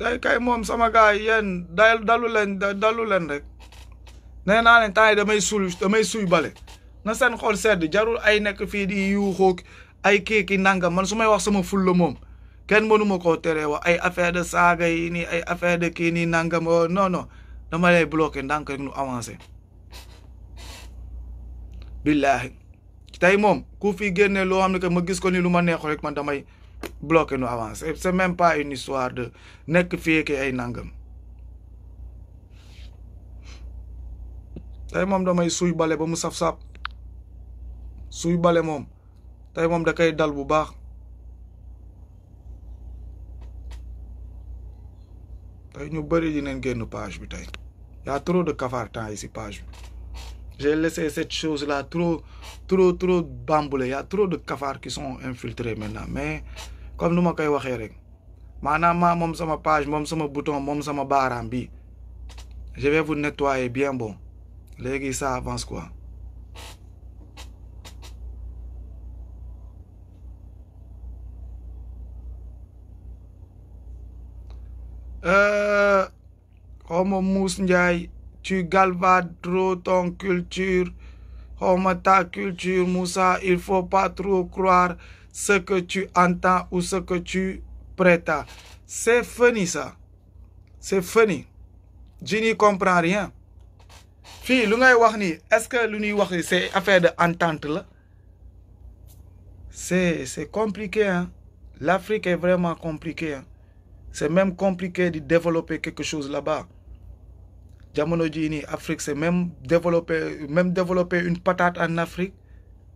tey kay moom sama gars yi yéen dal dalu dalu leen rek nee naa leen temps damay suul damay suy bale na seen xol sedd jarul ay nekk fii di yuuxoo ay kiiki nangam man su may wax sama ful la kenn mënuma ko tere wax ay affaire de saaga yi nii ay affaire de kii nii nangam oh, non non dama lay bloqué ndànk rek nu avancé billaahi tey moom ku fi génne loo xam ne que ma gis ko ni lu ma neexul rek man damay bloquer nous avancer c'est même pas une histoire de nekk fii ki ay nangam tey moom damay suy bale ba mu saf-saf suy bale moom tey moom da koy dal bu baax tey ñu bëri dinañ génn page bi tey y trop de cafartan ici page bi j'ai laissé cette chose la trop trop trop bamboulée y a trop de cafards qui sont infiltrés maintenant mais comme nu ma koy waxee rek maanaam maa moom sama page moom sama bouton moom sama baaraam bi je vais vous nettoyer bien bon léegi ça avance quoi euh, xawma muus ndiay tu galvades trop ton culture xawma ta culture Moussa il faut pas trop croire ce que tu entends ou ce que tu prétends. C'est funny ça. C'est funny. Je n'y comprends rien. fii lu ngay wax nii est-ce que lu ñuy wax ni c'est affaire de entente la c'est c'est compliqué hein l'Afrique est vraiment compliquée hein c'est même compliqué de développer quelque chose là-bas jamono jii nii Afrique c'est même développer même développer une patate en Afrique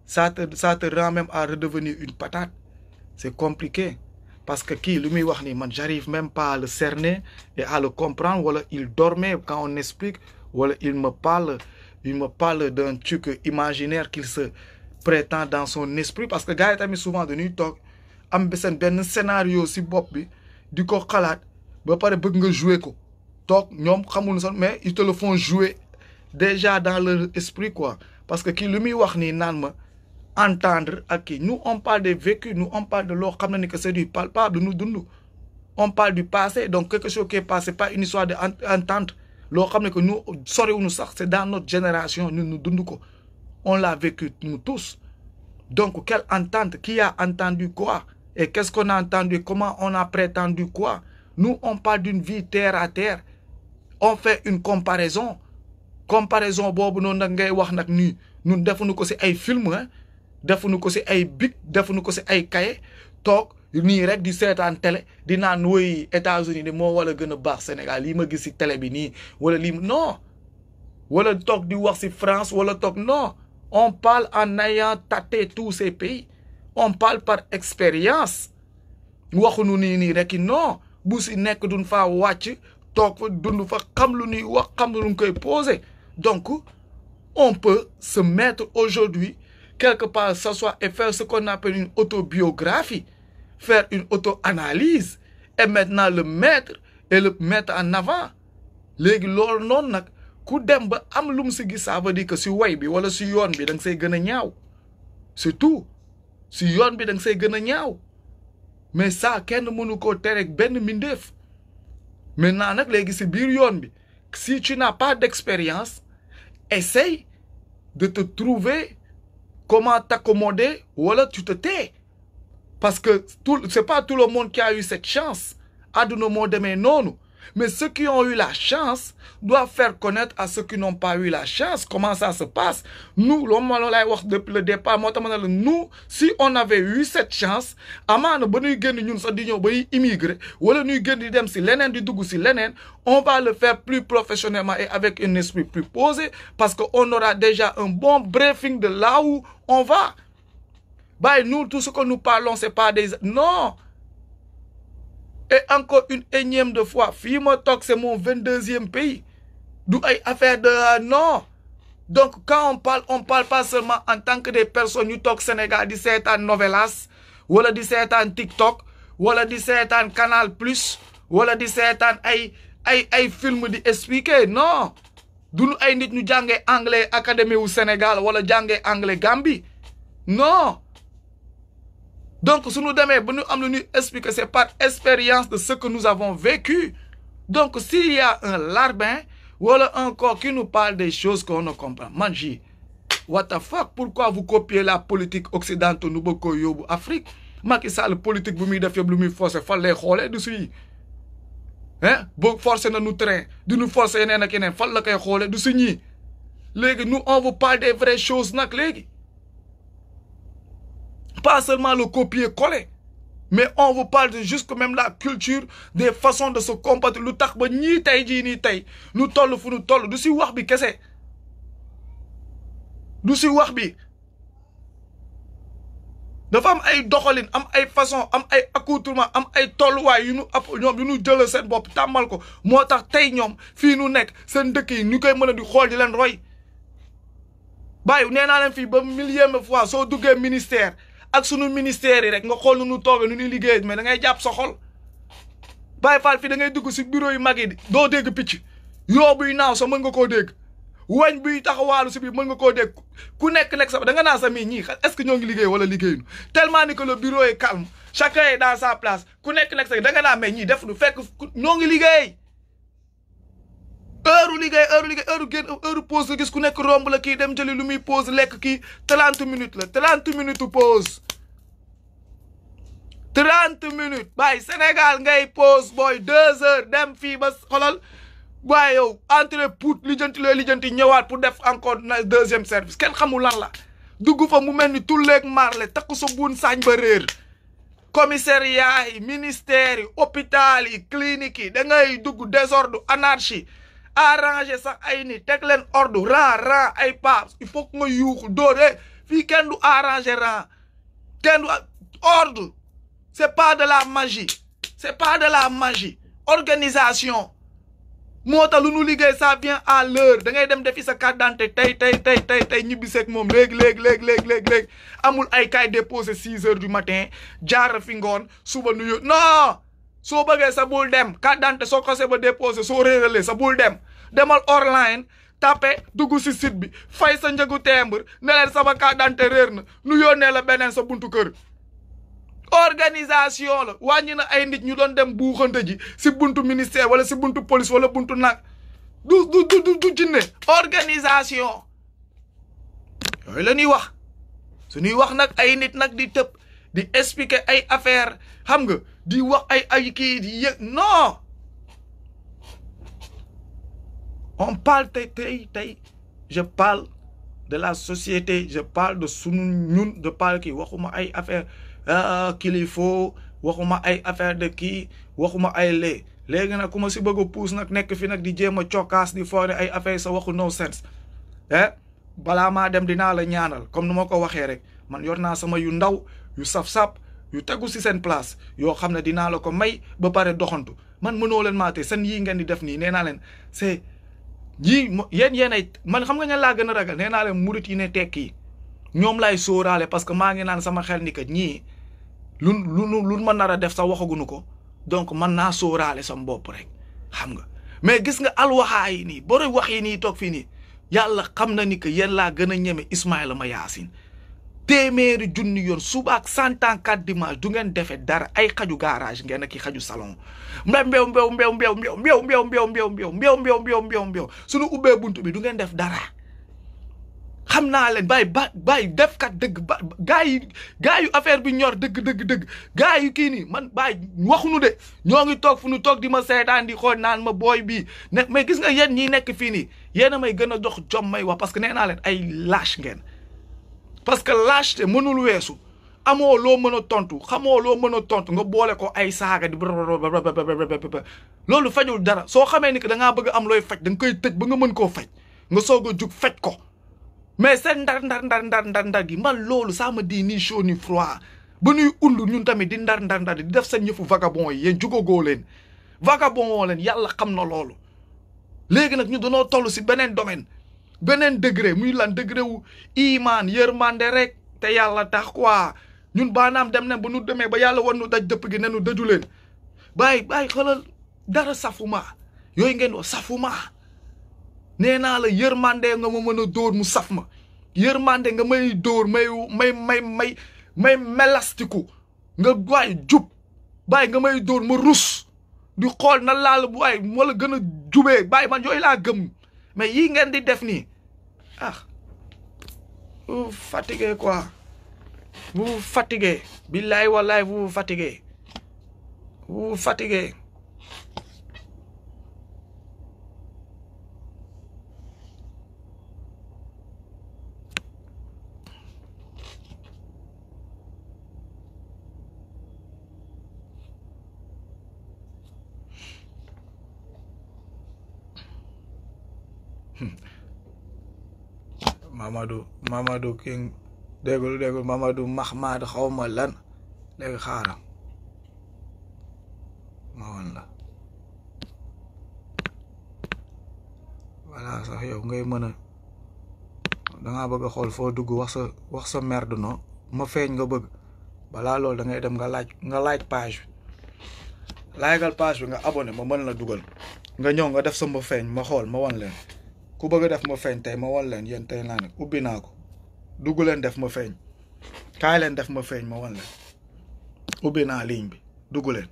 ça te ça te rend même à redevenir une patate c'est compliqué parce que kii lu muy wax ni man j'arrive même pas à le cerner et à le comprendre wala il dormait quand on explique wala il me parle il me parle d'un truc imaginaire qu'il se prétend dans son esprit parce que gars yi tamit souvent dañuy toog am seen benn scénario si bopp bi di ko xalaat ba pare bëgg nga jouer ko toog ñoom xamul son mais ils te le font jouer déjà dans le esprit quoi parce que kii lu muy wax nii naan ma entendre ak kii nous on parle des vécus nu on parle de loo xam ne ni que c'est du palpable nu dund on parle du passé donc quelque chose qui est passé pas une histoire de entente loo xam ne que nous soriwuñu sax c'est dans notre génération nu ñu dund ko on l'a vécu nous tous donc quelle entente qui a entendu quoi et e ce qu'on a entendu comment on a prétendu quoi nu on parle d'une vie terre à terre on fait une comparaison comparaison boobu noonu nag ngay wax nag nii ñun defuñu ko ci ay film hein defuñu ko si ay bic defuñu ko si ay kaye toog nii rek di seetaan télé di naan woy États-Unis de moo wala gën a baax Sénégal lii ma gis si télé bi nii wala lii non wala toog di wax si France wala toog non on parle en ayant tâté tous ces pays on parle par expérience waxunu nii nii rek non bu si nekk duñ faa wàcc toog fa dund fa xam lu ñuy donc on peut se mettre aujourd'hui quelque part s'asseoir e faire ce qu'on appelle une autobiographie, faire une auto-analyse e maintenant le mettre et le mettre en avant léegi loolu noonu nag ku dem ba am lu mu si gis ça veut si way bi wala si yoon bi da nga say gën a ñaaw surtout si yoon bi da nga say gën a ñaaw mais ça kenn mënu koo tere benn mbindeef maintenant nag léegi si biir yoon bi si tu n'as pas d'expérience essaye de te trouver comment t'accommoder wala tu te tais parce que tout c'est pas tout le monde qui a eu cette chance àdduna moo demee noonu Mais ceux qui ont eu la chance doivent faire connaître à ceux qui n'ont pas eu la chance comment ça se passe. Nous, depuis le départ, nous, si on avait eu cette chance, on va le faire plus professionnellement et avec un esprit plus posé parce qu'on aura déjà un bon briefing de là où on va. Bah, nous, tout ce que nous parlons, c'est pas des... Non et encore une énième de fois fii ma toog c'est mon vingt-deuxième pays du ay affaire de euh, non donc quand on parle on parle pas seulement en tant que des personnes ñu toog Sénégal di seetaan Novelas wala di seetaan TikTok wala di seetaan Canal Plus wala di seetaan ay ay ay film di expliquer non duñu ay nit ñu jàngee anglais académie wu Sénégal wala jàngee anglais Gambie non donc su ñu demee ba ñu am lu ñuy expliquer c'est par expérience de ce que nous avons vécu donc s'il y a un larbin wala un corps qui nous parle des choses qu'on ne comprend man ji what the fuck pourquoi vous copiez la politique occidentale nu bëgg koo yóbbu Afrique Macky Sall politique bu muy def yëpp lu muy forcer fan lay xoolee du suñu hein boo forcer na nu train du nu forcer yeneen ak yeneen fan la koy xoolee du suñu léegi nous on vous parle des vraies choses nag léegi. pas seulement le copier-coller mais on vous parle même la culture des façons de se comporter lu tax ba ñii tey jii nii tey nu toll fu nu toll du si wax bi kese du si wax bi dafa am ay doxalin am ay façon am ay accoutrement am ay tolluwaay yu nu ab ñoom yu nu jëlee seen bopp tàmmal ko moo tax tey ñoom fii nu nekk seen dëkkee yi ñu koy mën a di xool di leen roy bàyyi nee naa leen fii ba millième fois soo duggee ministère ak sunu ministère yi rek nga xool nu nu toogee nu ñuy liggéey mais da ngay jàpp sa xol Baye Fall fii dugg si bureau yu mag yi doo dégg picc yoo buy naaw sa mën nga koo dégg wañ buy taxawaalu si biir mën nga koo dégg ku nekk nekk sa da nga naan sa mii ñii est que ñoo ngi liggéey wala liggéeyuñu tellement ni que le bureau est calme chacun est place ku nekk nekk sa danga nga naan mais def lu fekk ñoo ngi liggéey heure liggéey heure liggéey heure génn heure pause la gis ku nekk romb la kii dem jëli lu muy pause lekk ki trente minutes la trente minutes poos trente minutes waaye Sénégal ngay pause booy deux heures dem fii ba xolal waaye yow entre pour lijjanti looy lijjanti ñëwaat pour def encore na deuxième service kenn xamul lan la dugg fa mu mel ni tulleeg marle takku sa buun saañ ba réer commissariat yi ministère yi hôpital yi clinique yi da ngay dugg désordre anarchie arranger sax ay ni teg leen ordre rang rang ay pas i faut que nga yuuxu dóore fii kenn du arranger rang kenn du ordre c'est pas de la magie c'est pas de la magie organisation moo tax lu nu liggéey sa bien à l'heure da ngay dem defi sa carte d'identité tey tey tey tey tey ñibbi seeg moom léegi léegi léegi léegi léegi amul ay kay déposé six heures du matin jaar fi ngoon suba nuyu non soo bëggee sa bul dem carte d'identité soo xasee ba déposé soo réeralee sa bul dem demal online tapé dugg si site bi fay sa njëgu timbre ne leen sama carte d'identité réer na nu yónnee la beneen sa buntu kër. organisation la wàññi na ay nit ñu doon dem buuxante ji si buntu ministère wala si buntu police wala buntu nag du du du du organisation yooyu la ñuy wax su ñuy wax nag ay nit nag di tëb di expliquer ay affaire xam nga. di wax ay ay kii di yëg non on parle tey tey tey je parle de la société je parle de sunu ñun de parle kii waxuma ay affaire ah, kilifo waxuma ay affaire de kii waxuma ay lee léegi nag ku ma si bëgg a puus nag nekk fi nag di jéem a cokkaas di foore ay affaire sa waxu no sense eh balaa maa dem dinaa la ñaanal comme nu ma ko waxee rek man yor naa sama yu ndaw yu saf-sap yu tegu si seen place yoo xam ne dinaa la ko may ba pare doxantu man mënoo leen maate seen yii ngeen di def nii nee naa leen c'est ñii yen yéen ay man xam nga ña laa gën a ragal nee naa leen murit yi ne tekk yi ñoom laay sóoraale parce que maa ngi naan sama xel ni que ñii lu lu lu ma nar a def sax waxaguñu ko donc man naa sóoraale sam bopp rek xam nga mais gis nga alwaxaa yi nii boroy wax yi nii toog fii nii yàlla xam na ni que yéen laa gën a ñeme Ismaïla ma Yaasin téeméeri junni yor suba ak cent ans dimanche du ngeen defe dara ay xaju garage ngeen a ki xaju salon mbew mbew mbew mbew mbew mbew mbew mbew mbew mbew mbew mbew mbew mbew mbew ubbee bunt bi du ngeen def dara xam naa leen bàyyi ba bàyyi defkat dëgg ba yi gaa yu affaire bi ñor dëgg dëgg dëgg gaa yu kii nii man bàyyi waxuñu de ñoo ngi toog fu ñu toog di ma seetaan di xool naan ma booy bi ne mais gis nga yéen ñiy nekk fii nii yéen a may gën a dox jom may wax parce que ne naa leen ay lâche ngeen parce que lâcheté mënul weesu amoo loo mën a tontu xamoo loo mën a tontu nga boole ko ay saaga di loolu fajul dara soo xamee ni que da ngaa bëgg am looy faj da nga koy tëj ba nga mën koo faj nga soog a jug faj ko mais seen ndar ndar ndar ndar ndar ndar gi man loolu ça me dit ni chaud ni froid ba nuy und ñun tamit di ndar ndar ndar di def seen yëfu vagabond yi yéen jugagoo leen vagabond leen yàlla xam na loolu léegi nag ñu danoo toll si beneen domaine beneen degré muy lan degré wu imaan mande rek te yàlla tax quoi ñun baanaam dem na ba nu demee ba yàlla war nu daj dëpp gi ne nu daju leen bàyyi bàyyi xoolal dara safuma yooyu ngeen wax safuma nee naa la yërmande nga ma mën a dóor mu saf ma yërmande nga may dóor may may may may melas may melastiku nga waay jub bàyyi nga may dóor ma rus di xool na laal bu waay wala gën a jubee bàyyi man yooyu laa gëm mais yii ngeen di def nii ah vous fatiguez quoi vous fatiguez billaay wallaay vous fatiguez vous fatiguez Mamadou Mamadou King déggul déggul Mamadou Mahmad xawma lan léegi xaaral ma woon la voilà sax yow ngay mën a dangaa bëgg a xool foo dugg wax sa wax sa merde ma feeñ nga bëgg balaa da ngay dem nga laaj nga laaj page bi laajagal page bi nga abonné ma mën la dugal nga ñëw nga def sama feeñ ma xool ma wan leen ku bëgg a def ma feeñ tey ma wan leen yéen tey naa nag ubbi naa ko dugg def ma feeñ kaay def ma feeñ ma wan leen ubbi naa ligne bi dugg leen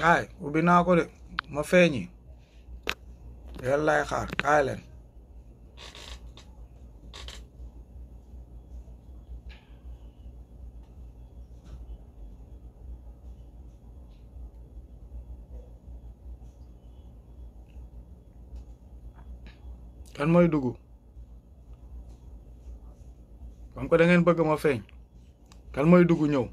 kaay ubbi naa ko de ma feeñi yàlla lay xaar kaay leen kan mooy dugg comme que bëgg ma feeñ kan mooy dugg ñëw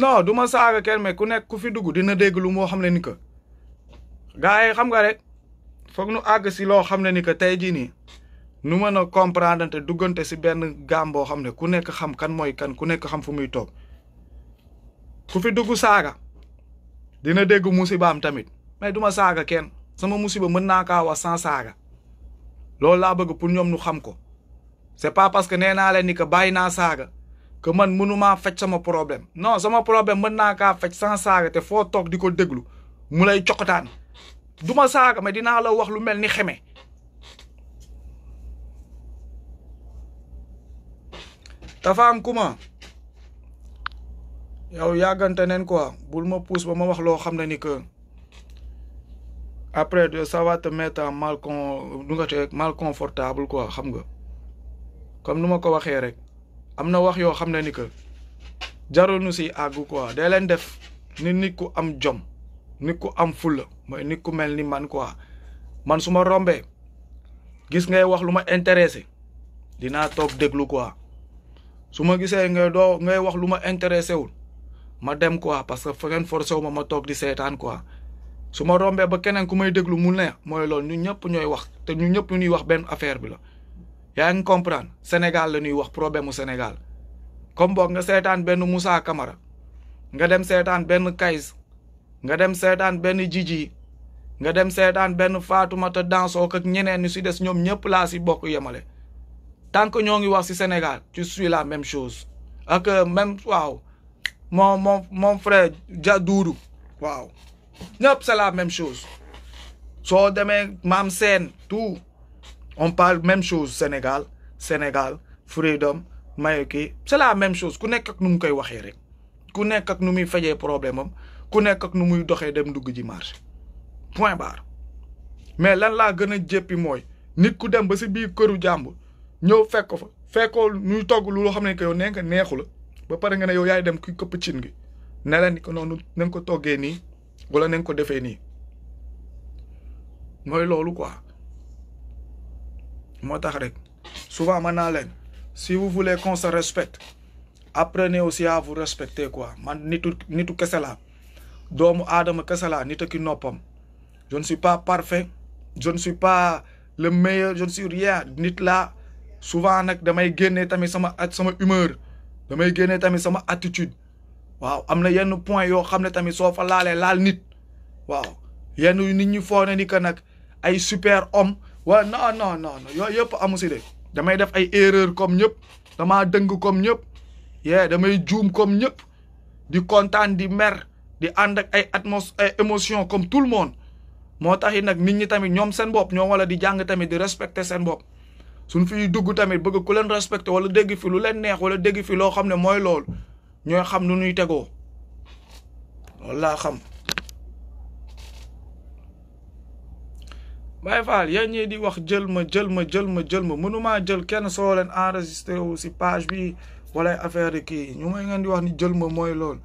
non duma ma saaga kenn mais ku nekk ku fi dugg dina dégg lu moo xam ne ni que gars yi xam nga rek foog nu àgg si loo xam ne ni que tey jii nii nu mën a comprendre duggante si benn gaam boo xam ne ku nekk xam kan mooy kan ku nekk xam fu muy toog ku fi dugg saaga dina dégg musibaam tamit mais du ma saaga kenn sama musiba mën naa kaa wax sans saaga loolu laa bëgg pour ñoom nu xam ko c'est pas parce que nee naa leen ni que bàyyi naa saaga. que man maa faj sama problème non sama problème mën naa kaa faj sans saaga te foo toog di ko déglu mu lay coqataan du ma saaga mais dinaa la wax lu mel ni xeme tafaam kuma yow yàggante neen quoi bul ma pousse ba ma wax loo xam ne ni que après de ça va te mettre en mal confortable quoi xam nga comme nu ma ko waxee rek am na wax yoo xam ne ni que jarul nu si àgg quoi day leen def ni nit ku am jom nit ku am fulla mooy nit ku mel ni man quoi man su ma rombee gis ngay wax lu ma intéressé dinaa toog déglu quoi su ma gisee ngay doo ngay wax lu ma intéressé wul ma dem quoi parce que fa ngeen forcé wu ma ma toog di seetaan quoi su ma rombee ba keneen ku may déglu mu neex mooy lool ñu ñëpp ñooy wax te ñu ñëpp ñuy wax benn affaire bi la yaa ngi comprendre Sénégal la ñuy wax problème mu Sénégal comme boog nga seetaan benn Moussa Camara nga dem seetaan benn Kayz nga dem seetaan benn Jiji nga dem seetaan benn Fatoumata Dansock ak ñeneen ñu si des ñoom ñëpp laa si bokk yemale tant que ñoo ngi wax si Sénégal ci suis la même chose ak euh, même waaw mon mon mon frère Dia waaw ñëpp c'est la même chose soo demee maam seen tout on parle même chose Sénégal Sénégal freedom mayo kii c'est la même chose ku nekk ak nu mu koy waxee rek ku nekk ak nu muy fajee problème am ku nekk ak nu muy doxee dem dugg ji marché point barre mais lan laa gën a jéppi mooy nit ku dem ba si biir këru jàmbu ñëw fekk ko fa fekkoo ñuy togg lu loo xam ne que yow nee nga neexu la ba pare nga ne yow yaay dem ki këpp cin gi ne la ni ko noonu na ko toggee nii wala na ko defee nii mooy loolu quoi moo tax rek souvent mën naa leen si vous voulez qu'on se respecte apprenez aussi à vous respecter quoi man nitu nitu keselaa doomu aadama kese nit nit ki noppam je ne suis pas parfait je ne suis pas le meilleur je ne suis rien nit la souvent nag damay génnee tamit sama at sama humeur damay génnee tamit sama attitude waaw am na yenn point yoo xam ne tamit soo fa laalee laal nit waaw yenn nit ñi foo ne ni que nag ay super homme waa waaw non non non yooyu yëpp amu si de damay def ay erreur comme ñëpp damaa dëng comme ñëpp yee damay juum comme ñëpp di kontaan di mer di ànd ak ay atmos ay émotion comme tout le monde moo tax it nag nit ñi tamit ñoom seen bopp ñoom wala di jàng tamit di respecter seen bopp suñ fiy dugg tamit bëgg ku leen respecter wala dégg fi lu leen neex wala dégg fi loo xam ne mooy loolu ñooy xam nu ñuy tegoo loolu xam Baye Fall yéen ñii di wax jël ma jël ma jël ma jël ma mënumaa jël kenn sooleen leen si page bi wala affaire yi kii ñu may ngeen di wax ni jël ma mooy lool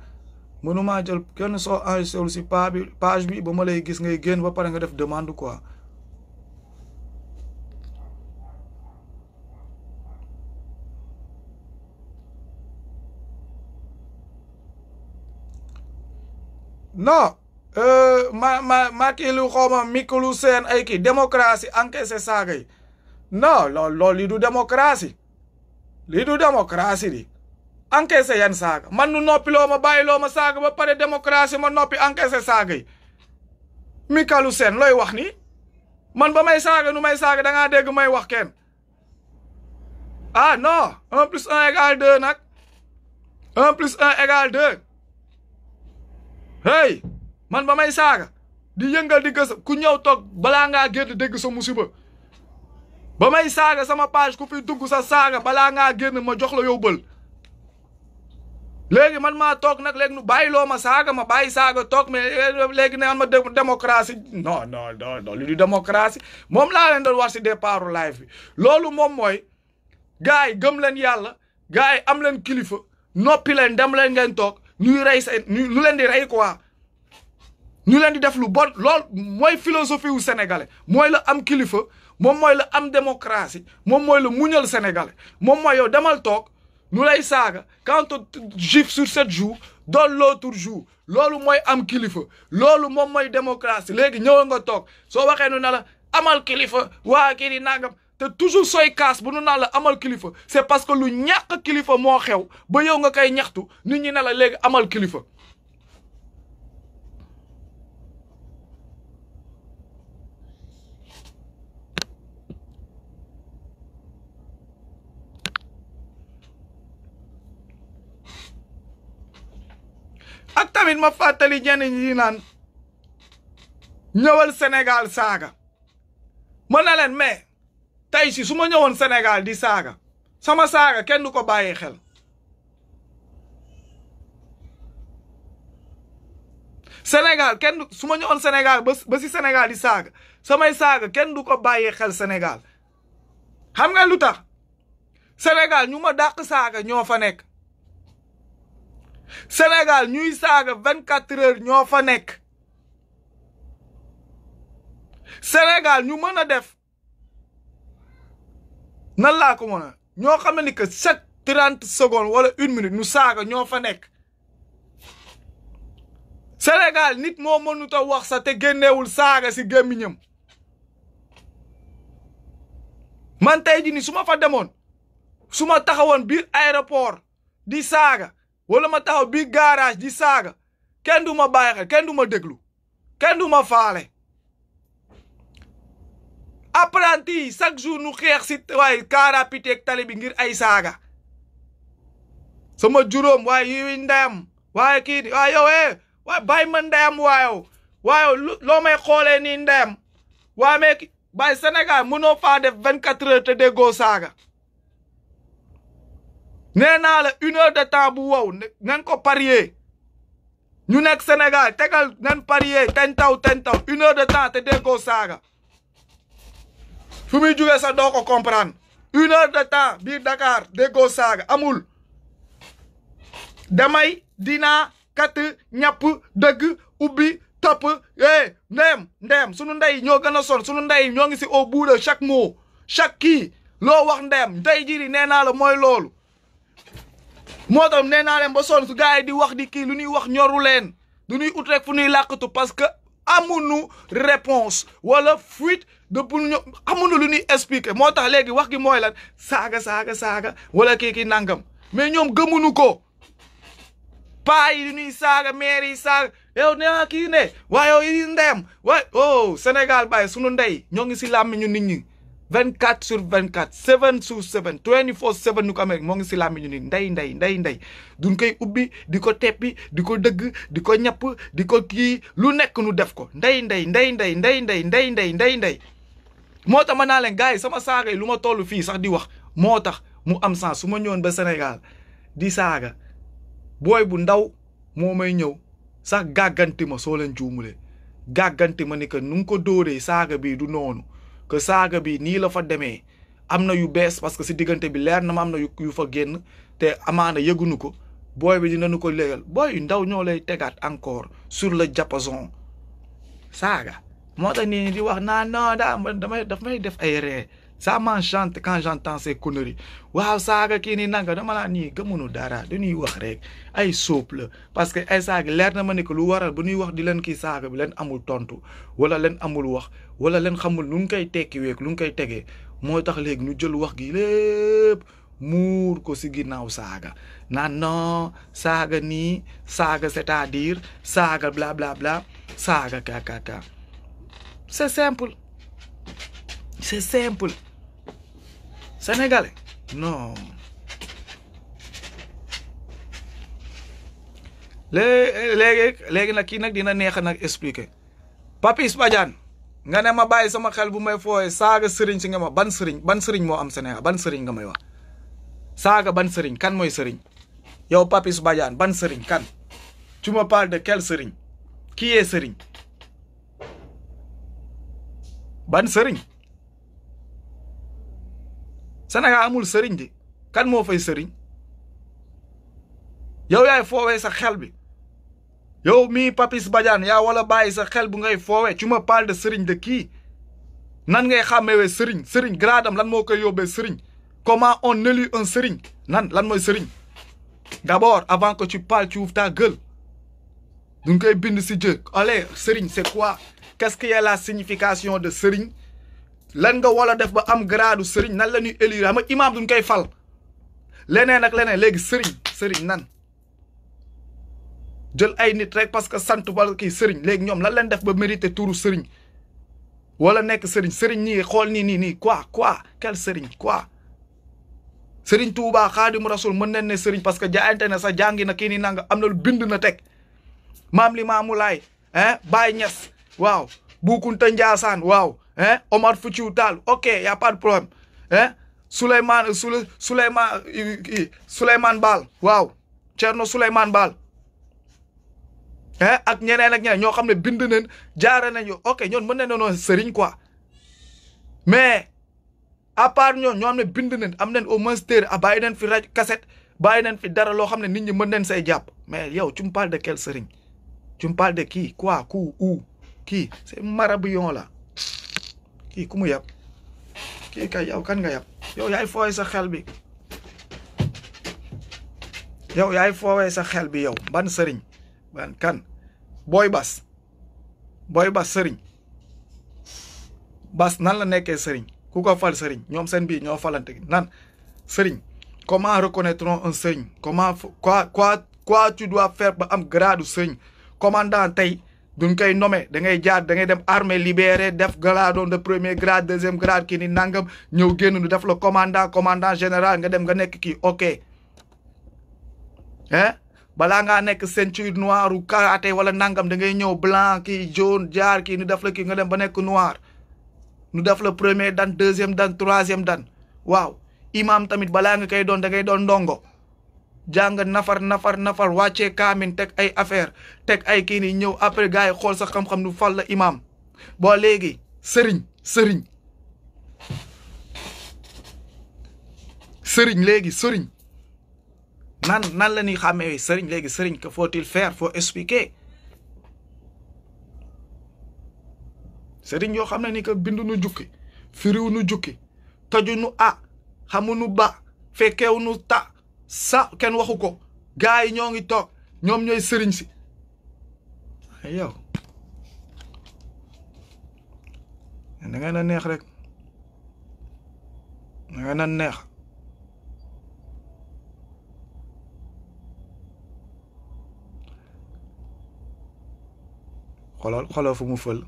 mënumaa jël kenn soo enregistré si paa bi page bi ba ma lay gis ngay génn ba pare nga def demande ko non. Euh, ma ma Macky lu xawma Mikulu seen ay kii démocratie encaissé saaga yi non lo loolu lii du démocratie lii du démocratie di encaissé yan saaga man nu noppi loo ma bàyyi loo ma saaga ba pare démocratie ma noppi encaissé saaga yi Mikalu seen looy wax ni man ba may saaga nu may saaga dangaa dégg may wax kenn ah non un plus un égale deux nag un plus en égale deux hey man ba may saaga di yëngal di gës ku ñëw toog balaa ngaa génn dégg sa musiba ba may saaga sama page ku fi dugg sa saaga balaa ngaa génn ma jox la yóbbal léegi man maa toog nag léegi nu bàyyi loo ma saaga ma bàyyi saaga toog mais léegi ne ma démocratie non non non non li du démocratie moom laa leen doon wax si départu live bi loolu moom mooy gars yi gëm leen yàlla gars yi am leen kilifa noppi leen dem leen ngeen toog ñuy rey seen ñu lu leen di rey quoi ñu leen di def lu bon lool mooy philosophie wu sénégalais mooy la am kilifa moom mooy la am démocratie moom mooy la muñal sénégalais moom mooy yow demal toog ñu lay saaga quand on gifle sur sept jours dans l'autre jour loolu mooy am kilifa loolu moom mooy démocratie léegi ñëw nga toog soo waxee nu ne la amal kilifa waa kii di nangam te toujours sooy kaas bu nu naan la amal kilifa c'est parce que lu ñàkk kilifa moo xew ba yow nga kay ñaxtu nit ñi ne la léegi amal kilifa tamit ma fàttali ñenn ñi naan ñëwal Sénégal saaga mën na leen mais si su ma ñëwoon Sénégal di saaga sama saaga kenn du ko bàyyi xel Sénégal kenn su ma ñëwoon Sénégal ba si Sénégal samay saaga kenn du ko bàyyi xel Sénégal xam nga lu tax Sénégal ñu ma dàq saaga ñoo fa nekk senegaal ñuy saaga vingt quatre ñoo fa nekk senegaal ñu mën a def nan laa ko mën a ñoo xam ni que sept trente secondes wala une minute ñu saaga ñoo fa nekk Sénégal nit moo mënut a wax sa te génnewul saaga si gémmiñam man tey ji ni su ma fa demoon su ma taxawoon biir aéroport di saaga wala ma taxaw bi garage di saaga kenn du ma bàyyi xel kenn du ma déglu kenn du ma faale apprenti sak chaque jour nu xeex si waay car rapide ak tali bi ngir ay saaga sama juróom waaye yiwi ndeyam waaye kii di waaye yow eh waaye ma ndeyam waayow waayow loo may xoolee nii ndeyam waaye meeki bàyyi Sénégal mënoo faa def vingt quatre heures saaga nee naa la une heure de temps bu wow ngeen ko parier ñu nekk senegaal tegal ngeen parier ten taw ten taw une heure de temps te déggoo saaga fu muy jugee sax doo ko comprendre une heure de temps biir Dakar déggoo saaga amul damay dina kat ñàpp dëgg ubbi topp eh ndeem ndeem sunu ndey ñoo gën a son sunu ndey ñoo ngi si au bout de chaque mot chaque kii loo wax ndeem ndey jiri nee naa la mooy loolu moo tax nee naa leen ba sonn su gars yi di wax di kii lu ñuy wax ñoru leen du ñuy ut rek fu ñuy làqatu parce que amuñu réponse wala fuite de pour lu ñuy expliquer moo tax léegi wax gi mooy lan saaga saaga saaga wala kii kii mais ñoom gëmuñu ko paa yi lu ñuy saaga maire yi saaga yow nee naa kii ne waaye yow yi ndeyam waay oh Sénégal bàyyi sunu ndey ñoo ngi si làmmiñu nit ñi. 24 sur 24 7 sur 7 24 7 nu ko amee moo ngi si làmmi ñu ni ndey ndey ndey ndey duñ koy ubbi di ko teppi di ko dëgg di ko ñapp di ko kii lu nekk nu def ko ndey ndey ndey ndey ndey ndey ndey ndey ndey ndey moo tax ma naa leen gars sama saaga yi lu ma toll fii sax di wax moo tax mu am sens su ma ñëwoon ba Sénégal di saaga booy bu ndaw moo may ñëw sax gàgganti ma soo leen juumulee gàgganti ma ni que nu nga ko dóoree saaga bii du noonu que saaga bi nii la fa demee am na yu bees parce que si diggante bi leer na ma am na yu fa génn te amaana yëgunu ko booy bi dinañu ko léegal booy ndaw ñoo lay tegaat encore sur le diapason saaga moo tax nii di wax naa non daa damay daf may def ay ree ça m'enchante quand j'entends tanse conneries waaw saaga kii ni nanga dama naan ñii gëmuñu dara dañuy wax rek ay sóob la parce que ay saaga leer na ma ne que lu waral bu ñuy wax di leen kii saaga bi leen amul tontu wala len amul wax wala leen xamul lu ñu koy tekki week lu ñu koy tegee moo tax léegi ñu jël wax gi lépp muur ko si ginnaaw saaga naan non saaga nii saaga c'est-à-dire saaga bla bla bla saaga kaka c'est simple c'est simple sénégalais non léegi léegi nag kii nag dina neex nag expliquer Papis Badiane nga ne ma bàyyi sama xel bu may fooye saaga sëriñ si nga ma ban sëriñ ban sëriñ moo am Sénégal ban sëriñ nga may wax saaga ban sëriñ kan mooy sëriñ yow Papis Badiane ban sëriñ kan tu me de quel sëriñ qui sëriñ ban sëriñ Sénégal amul sëriñ di kan moo fay sëriñ yow yaay foowee sa xel bi yow mii Papis Badiane yaa wala bàyyi sa xel bu ngay foowee tu me parles de sëriñ de kii nan ngay xàmmewee sëriñ sëriñ gradam lan moo koy yóbbee sëriñ comment on élit un sëriñ nan lan mooy sëriñ d'abord avant que ci parles tu ouvres ta gueule koy bind si jë allez sëriñ c'est quoi quest y la signification de sëriñ lan nga wala def ba am gradu sëriñ nan la ñuy élire xam nga imaam duñ koy fal leneen ak leneen léegi sëriñ sëriñ nan jël ay nit rek parce que sant wala kii sëriñ léegi ñoom lan leen def ba mérité turu sëriñ wala nekk sëriñ sëriñ ñii xool nii nii nii quoi quoi quel sëriñ quoi sëriñ Tuubaa Xaadimu Rasul mën nañ ne sëriñ parce que jaayante na sa jàngi na kii ni nanga am na lu bind na teg maam li maamu laay ah Baay Ñas waaw Buukunta Njaasaan waaw Hein? Eh? Omar Futiu Tal, ok, il n'y a pas de problème. Hein? Eh? Suleiman, Soule, Suleiman, Suleiman Bal, waaw Thierno Suleiman Bal. Hein? Eh? ak ñeneen ak ñeneen ñoo xam ne bind nañ jaare nañu ok ñoon mën nañoo sëriñ quoi mais à ñoon ñoo xam ne bind nañ am nañ au moins téere a ah, bàyyi nañ fi rajo cassette bàyyi nañ fi dara loo xam ne nit ñi mën nañ say jàpp mais yow tu de quel sëriñ tu me parles de kii quoi ku ou kii c'est marabillon la kii ku mu kii kay yow kan nga yàpp yow yaay fooye sa xel bi yow yaay foowee sa xel bi yow ban sëriñ ban kan booy bas booy bas sëriñ bas nan la nekkee sëriñ ku ko sëriñ ñoom seen bii ñoo falante nan sëriñ comment reconnaîtrons un sëriñ comment quoi ba am gradu sëriñ commandant tey duñ koy nommé da ngay jaar dangay dem armée libérée def galaadon de premier grade deuxième grade kii ni nangam ñëw génn ñu def la commandant commandant général nga dem ga nekk kii ok hein balaa ngaa nekk ceinture noire karaté wala nangam da ngay ñëw blanc kii jaune jaar kii nu def la kii nga dem ba nekk noir ñu def la premier dan deuxième dan troisième dan waaw imam tamit balaa nga koy doon da ngay doon ndongo jàng nafar nafar nafar wàccee kamin teg ay affaire teg ay kii ñëw après gay xool sa xam nu fal la imaam boo léegi sëriñ sëriñ sëriñ léegi sëriñ nan nan la ñuy xàmmee sëriñ léegi sëriñ que faut-il faire faut sëriñ yoo xam na ni que bindu nu jukki firiw nu jukki toju nu a xamu nu ba fekkeew nu ta sa kenn waxu ko gars yi ñoo ngi toog ñoom ñooy sëriñ si yow da ngay a neex rek da ngay na neex xoolal xoolal fu mu fël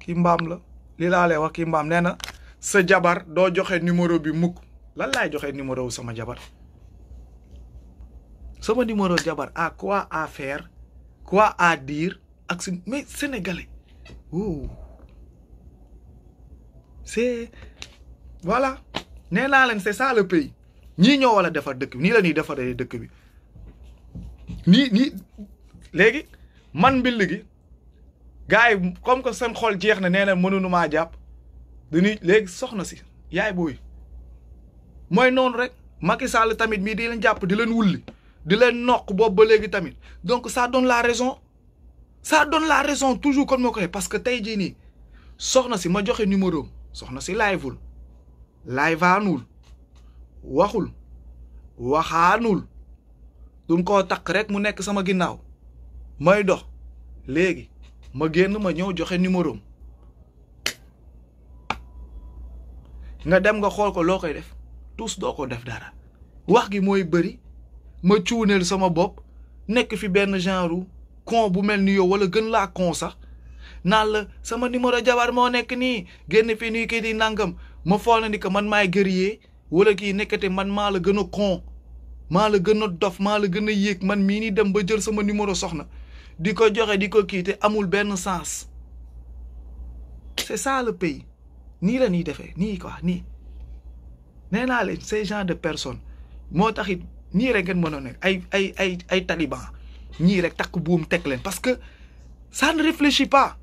kii mbaam la lii laa lay wax kii mbaam nee na sa jabar doo joxe numéro bi mukk lan laay joxe numéro sama jabar sama numéro jabar à ah, quoi à faire quoi à dire ak si mais sénégalais wow c'est voilà nee naa leen c'est ça le pays ñii ñoo war defar dëkk bi nii ñuy defaree dëkk bi nii nii léegi man mbill gi gars yi comme que seen xol jeex na nee na nu maa jàpp dañuy léegi soxna si yaay booy mooy noonu rek Macky Sall tamit mii di leen jàpp di leen wulli di leen noq boobu ba léegi tamit donc saa donne la raison ça donne la raison toujours comme ma ko parce que tey jii nii soxna si ma joxe numéro soxna si liveul liveaanul waxul waxaanul duñ koo takk rek mu nekk sama ginnaaw may dox léegi ma génn ma ñëw joxe numéro nga dem nga xool ko loo koy def tous doo ko def dara wax gi mooy bëri ma cuuneel sama bopp nekk fi benn genre kon bu mel ni yow wala gën laa con sax naan la sama numéro jabar moo nekk nii génn fi nuy kii di nangam ma foog na ni que man maay guerrier wala kii nekkate man maa la gën a con maa la gën a dof maa la gën a yéeg man mii ni dem ba jël sama numéro soxna di ko joxe di ko kii te amul benn sens c'est ça le pays nii la ñuy defee nii quoi nii nee naa leen ces genre de personne moo taxit ñii rek ngeen mën a nekk ay ay ay ay taliban ñii rek takk buum teg leen parce que ça ne réfléchit pas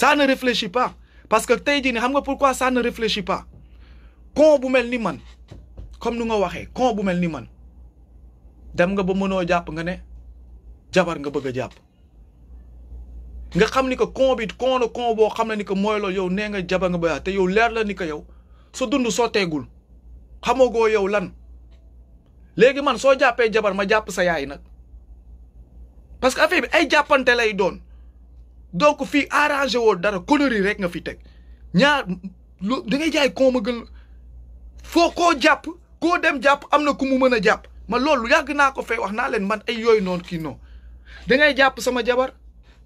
ça ne parce que tey jii nii xam nga pour quoi ne réfléchit pas con bu mel ni man comme nu nga waxee con bu mel ni man dem nga ba mënoo jàpp nga ne jabar nga bëgg a jàpp nga xam ni que con bi con na con boo xam ne ni que mooy yow nee nga jabar nga bëgg a te yow leer la ni que yow sa dund sotteegul xamagoo yow lan léegi man soo jàppee jabar ma jàpp sa yaay nag parce que affaire bi ay jàppante lay doon donc fii arrangé woo dara connerie rek nga fi teg ñaar lu da ngay jaay koom a gën foo koo jàpp koo dem jàpp am na ku mu mën a jàpp ma loolu yàgg naa ko fee wax naa leen man ay yooyu noonu kii non da ngay jàpp sama jabar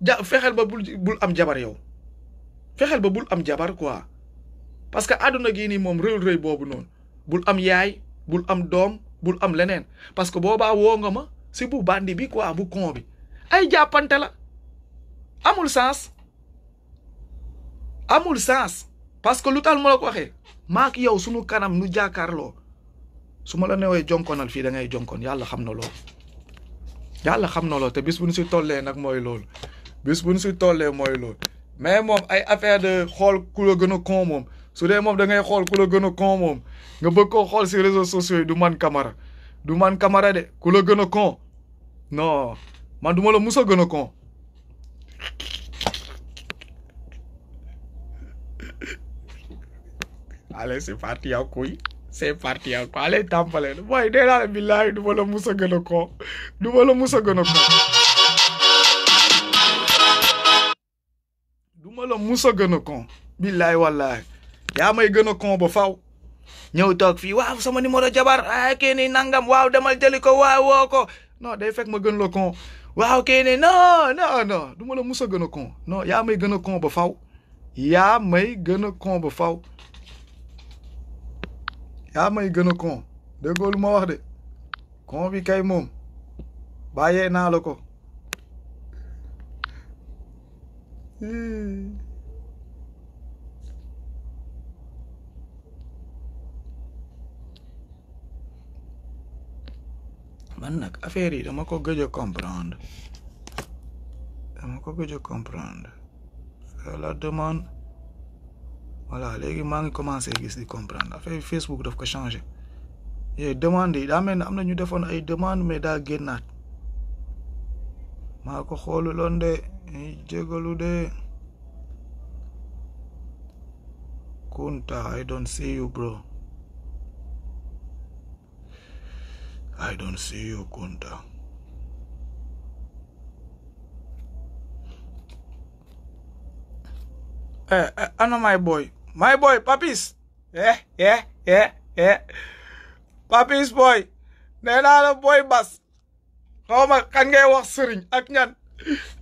ja fexeel ba bul bul am jabar yow fexeel ba bul am jabar quoi parce que àdduna gii nii moom rëy rëy boobu noonu bul am yaay bul am doom bul am leneen parce que boobaa woo nga ma si bu bandi bi quoi bu con bi ay jàppante la amul sens amul sens parce que lu tax ma la ko waxee maak yow sunu kanam nu jàkkaarloo su ma la newee jonkonal fii da ngay jonkon yàlla xam na loolu yàlla xam na loolu te bis bu ñu si tollee nag mooy loolu bis bu ñu si tollee mooy lool mais moom ay affaire de xool ku la gën a con moom su dee moom da ngay xool ku la gën a koŋ moom nga bëgg koo xool si réseaux sociaux yi du man Camara du man Camara de ku gën a con non man du ma la mus gën a con allez c'est parti yow kuy c'est parti yow kuy allez tàmpale mooy dee naa du ma la mus gën a con du ma la mus gën a con du ma la mus a gën a yaa may gën a con ba faaw ñëw toog fii waaw sama numéro jabar ah kii nii nangam waaw demal jëli ko waaw woo ko non day ma gën la con waaw kii nii non non non du ma mus gën a con yaa may gën a con ba faaw yaa may gën a con ba faaw wax de con bi kay moom bàyyee naa la ko. man nag affaire yi dama ko gëj a comprendre dama ko gëj a comprendre la demande voilà léegi maa ngi commencé gis di comprendre affaire Facebook daf ko changé et demande yi daa mel ne am na ñu defoon ay demande mais daa génnaat maa ko xoolu loon de eh, jégalu de Kunta I don't see you bro I don't see you, eh, eh, ano my boy? My boy, Papis! Eh, eh, eh, eh. Papis boy! nee naa boy bas xaw ma kan ngay wax sëriñ ak ñan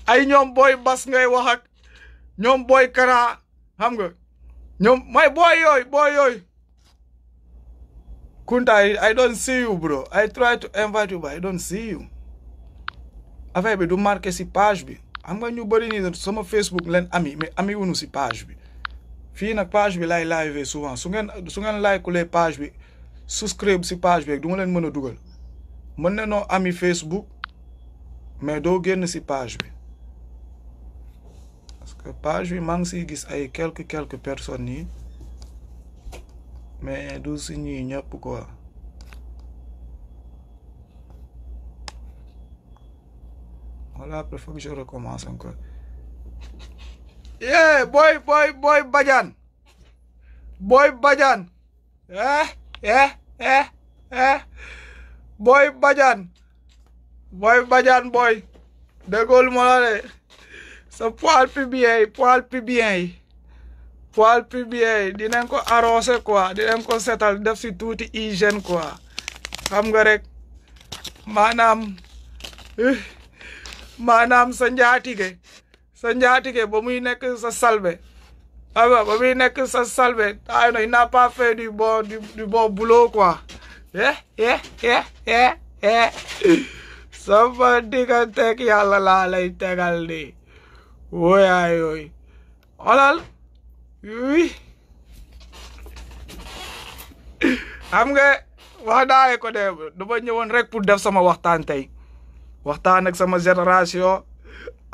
ay ñoom boy bas ngay wax ak ñoom boy kara xam nga ñoom may boy yooyu boy yooyu Kunta, I, I don't see you bro I try to invite you but I don't see you affaire bi du marqué si page bi am nga ñu bëri nii sama Facebook leen ami mais ami wuñu si page bi fii nag page bi laay live souvent su ngeen su ngeen like page bi subscribe si page bi du ma leen mën a dugal mën na noo ami Facebook mais doo génn si page bi parce que page bi maa ngi siy gis ay quelques quelques personnes yi mais du si ñuy ñëpp quoi voilà après faut que je recommence encore eh, yee boy boy boy Badiane boy Badiane eh eh eh eh boy Badiane boy Badiane boy déggul ma la de sa poil pubien yi poil pubien yi poil pubien dinañ ko arrosé quoi dinañ ko setal def si tuuti hygiène quoi xam nga rek maanaam eh, maanaam sa njaatige sa njaatige ba muy nekk sa salbe aba ba muy nekk sa salbe ay no il n'a pas fait du bon du, du bon boulot quoi eh eh eh eh eh, eh. sama digganteeg yàlla laa lay tegal yuy xam nga wax naa ko de dama ñëwoon rek pour def sama waxtaan tey waxtaan ak sama génération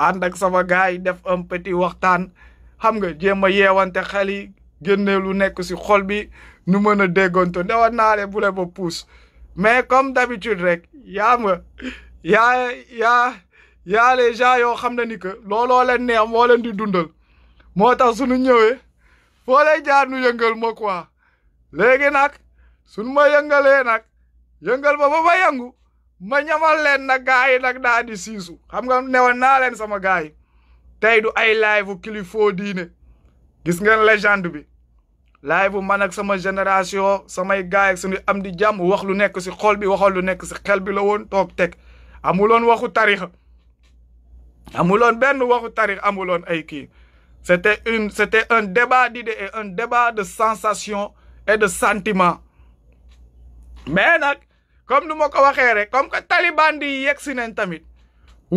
ànd ak sama gars yi def un petit waxtaan xam nga jéem a yeewante xel yi génne lu nekk si xol bi nu mën a déggoonto ne woon naa leen bu leen ba puus mais comme d'habitude rek yaa nga yaa yaa yaa le gens yoo xam ne ni que looloo leen neex moo leen di dundal moo tax suñu ñëwee foo jaar nu yëngal ma quoi léegi nag sun ma yëngalee nag yëngal ma ba ba yëngu ma ñamal leen nag gaa yi nag daa di siisu xam nga newoon naa leen sama gaa yi tey du ay live bu kilifoo diine gis ngeen légende bi laay bu man ak sama génération samay gaa yi ak am di jàmm wax lu nekk si xol bi waxal lu nekk si xel bi la woon toog teg amuloon waxu tarix amuloon benn waxu tarix amuloon ay kii C'était une, c'était un débat d'idées et un débat de sensations et de sentiments. mais nag comme nu ma ko waxee rek comme que taliban di yegsi nañ tamit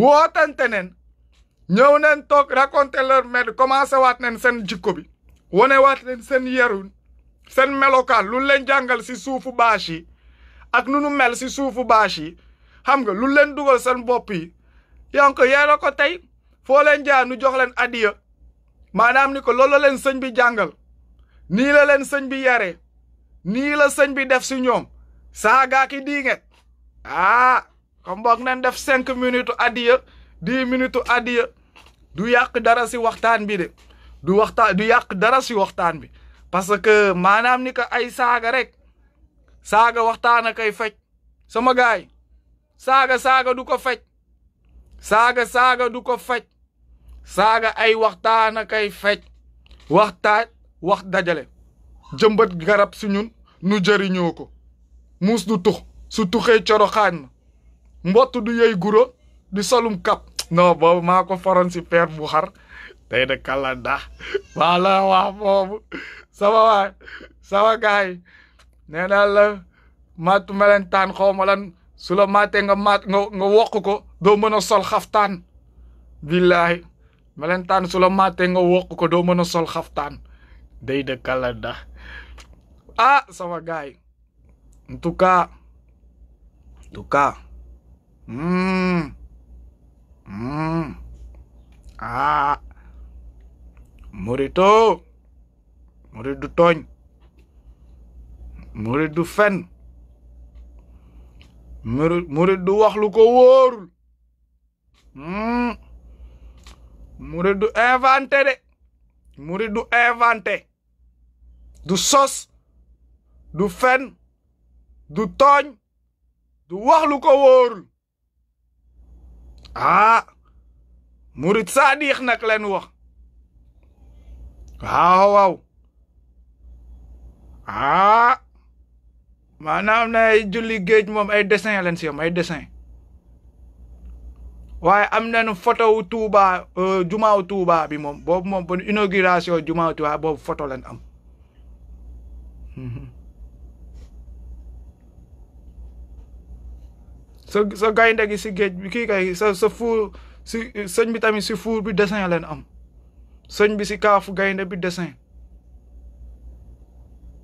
wootante neen ñëw neen toog raconter leur maître commencé waat neen seen jikko bi wane waat neen seen yarun seen melokaan lu leen jàngal si suufu bâche yi ak nu nu mel si suufu bâche yi xam nga lu leen dugal seen bopp yi donc yeera ko tey foo leen jaar nu jox leen adiya maanaam ni ko loolu la leen sëñ bi jàngal nii la leen sëñ bi yare nii la sëñ bi def si ñoom saagaa ki diinget ah xam boog nañ def cinq minutes addiya di minutes addiya du yàq dara si waxtaan bi de du waxtaan du yàq dara si waxtaan bi parce que maanaam ni ko ay saaga rek saaga waxtaan a koy faj sama gaay saaga saaga du ko faj saaga saaga du ko faj saaga ay waxtaan ak ay fecc waxtaaj wax dajale jëmbat garab si ñun nu jëriñoo ko muus du tux su tuxee coroxaan na mbott du yey guro di solum kap non boobu maa ko faroon si peer bu xar tey de kala dax waa la wax boobu sama waay sama gaay nee naa la maatu melentaan xaw ma lan su la maatee nga maat nga nga ko doo mën a sol xaftaan billaahi melentaan su la màttee nga wokk ko doo mën a sol xaftaan day dëkkal la da ah sama gaay en du hmm. hmm. ah. tooñ murit du fen murit du wax lu ko wóorul hmm. murid du inventé de murid du inventé du sos du fen du tooñ du wax lu ko wóorul ah murid saadix nag leen wax waw waaw ah maanaam na ay julli géej moom ay dessin leen si dessin waaye am nu photo wu Touba euh, jumaaw Touba bi moom boobu moom bon inauguration jumaaw Touba boobu photo leen am mhm. sa sa gaynde gi si géej bi kii kay sa sa sëñ bi tamit si fuur bi dessin leen am sëñ bi si kaafu gaynde bi dessin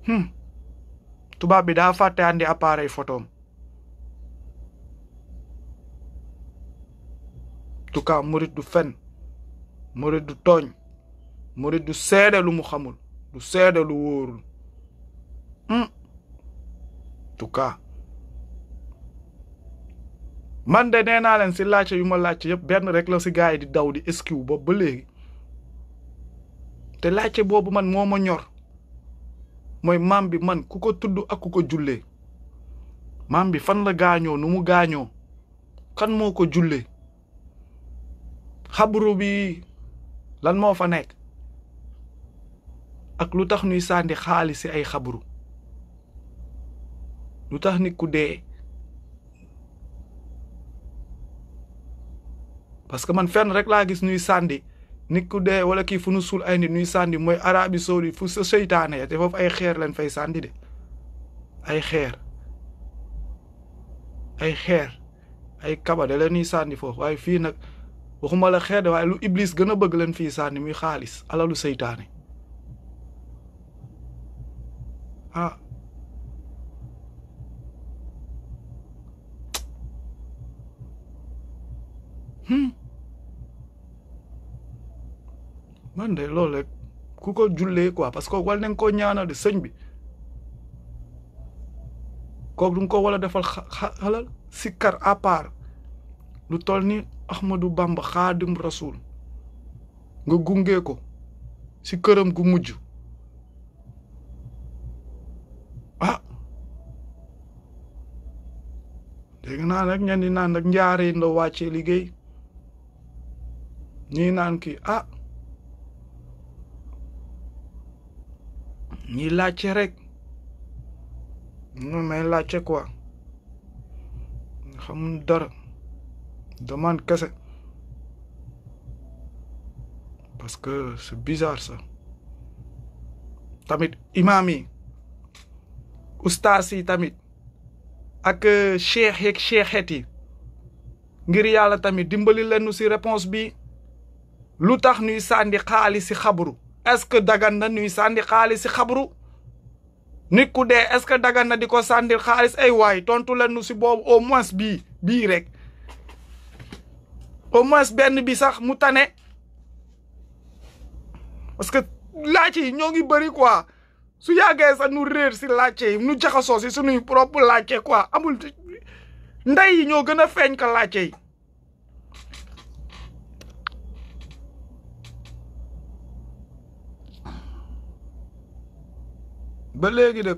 hmm. tubaab bi daa fàtte andi appareil photom tout cas du fen murit du tooñ murit du seede lu mu xamul du seede lu wóorul tout hmm. cas man de nee naa leen si laajte yu ma laajte yëpp benn rek la ci gars yi di daw di esquive boobu ba léegi te laajte boobu man moo ma ñor mooy maam bi man ku ko tudd ak ku ko jullee maam bi fan la gaañoo nu mu gaañoo kan moo ko jullee xabru bii lan moo fa nekk ak lu tax nuy sàndi xaalis si ay xabru lu tax nit ku dee parce que man fenn rek laa gis ñuy sànni nit ku dee wala kii fu nu suul ay nit ñuy sànni mooy Arabie Saoudite fu sa seytaane ya te foofu ay xeer lañ fay sàndi de ay xeer ay xeer ay kaba da la ñuy sànni foofu waaye fii nag waxuma la xeede waaye lu iblis gën a bëgg leen fii sànni muy xaalis alalu seytaane ah hmm. man de loolu ku ko jullee quoi parce que wal nañ koo ñaanal de sëñ bi kooku du nga ko wala defal xalal sikkar à part lu toll ni Ahmadou Bamba xaadim rasul nga gunge ko ci këram gu mujj ah dégg naa nag ñenn ñi naan nag njaareen la wàccee liggéey ñii naan kii ah ñii laajte rek ñu may laajte quoi xam dara. demande kese parce que c'est bizarre ça tamit imaam yi ustaas tamit ak cheikh eh, yeeg cheikhet ngir yàlla tamit dimbali lenu si réponse bi lu tax nuy sàndi xaalis si xabru est-ce que dagan na ñuy sàndi xaalis ci xabru nit ku dee est-ce que dagan na di ko sàndir xaalis ay waay tontu lenu si boob au moins bi bii rek au moins benn bi sax mu tane parce que laajte yi ñoo ngi bëri quoi su yàggee sax nu réer si laajte yi nu jaxasoo si suñuy propre laajte amul ndey yi ñoo gën a feeñ ko ba léegi